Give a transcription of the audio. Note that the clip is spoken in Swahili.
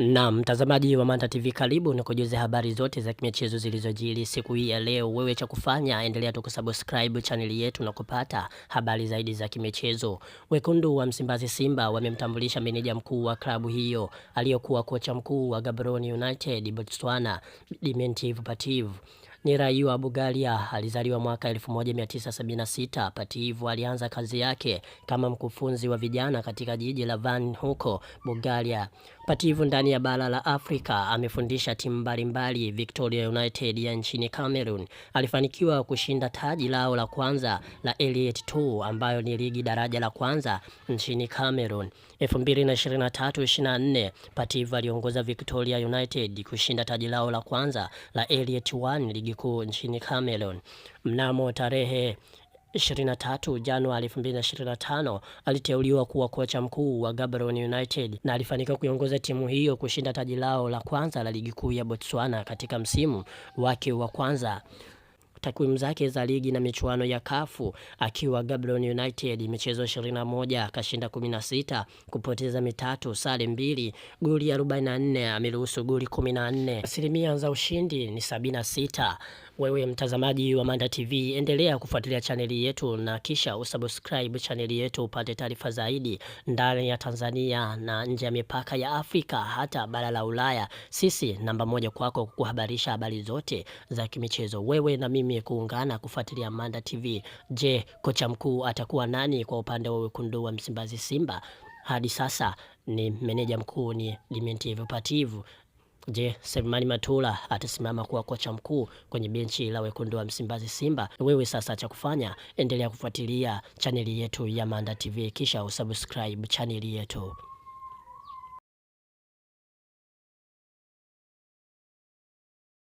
Na mtazamaji wa Manta TV karibu ni kujuze habari zote za kimichezo zilizojiri siku hii ya leo. Wewe cha kufanya endelea tu kusubscribe chaneli yetu na kupata habari zaidi za kimichezo. Wekundu wa Msimbazi Simba wamemtambulisha meneja mkuu wa klabu hiyo aliyokuwa kocha mkuu wa Gaborone United Botswana, Dimitri Patov. Ni raia wa Bulgaria, alizaliwa mwaka 1976. Patov alianza kazi yake kama mkufunzi wa vijana katika jiji la Van huko Bulgaria. Pativu ndani ya bara la Afrika amefundisha timu mbalimbali. Victoria United ya nchini Cameroon alifanikiwa kushinda taji lao la kwanza la Elite 2 ambayo ni ligi daraja la kwanza nchini Cameroon. 2023-24 Pativu aliongoza Victoria United kushinda taji lao la kwanza la Elite 1 ligi kuu nchini Cameroon mnamo tarehe 23 Januari 2025 aliteuliwa kuwa kocha mkuu wa Gaborone United na alifanikiwa kuiongoza timu hiyo kushinda taji lao la kwanza la ligi kuu ya Botswana katika msimu wake wa kwanza takwimu zake za ligi na michuano ya kafu akiwa Gabron United michezo 21 akashinda 16, kupoteza mitatu, sare mbili, goli 44, ameruhusu goli 14. Asilimia za ushindi ni 76. Wewe mtazamaji wa Manda TV, endelea kufuatilia chaneli yetu na kisha usubscribe chaneli yetu upate taarifa zaidi ndani ya Tanzania na nje ya mipaka ya Afrika hata bara la Ulaya. Sisi namba moja kwako kukuhabarisha habari zote za kimichezo, wewe na mimi mimi kuungana kufuatilia Manda TV. Je, kocha mkuu atakuwa nani kwa upande wa wekundu wa Msimbazi Simba? Hadi sasa ni meneja mkuu ni Dimitri Pativu. Je, Selemani Matula atasimama kuwa kocha mkuu kwenye benchi la wekundu wa Msimbazi Simba? Wewe sasa cha kufanya, endelea kufuatilia chaneli yetu ya Manda TV kisha usubscribe chaneli yetu.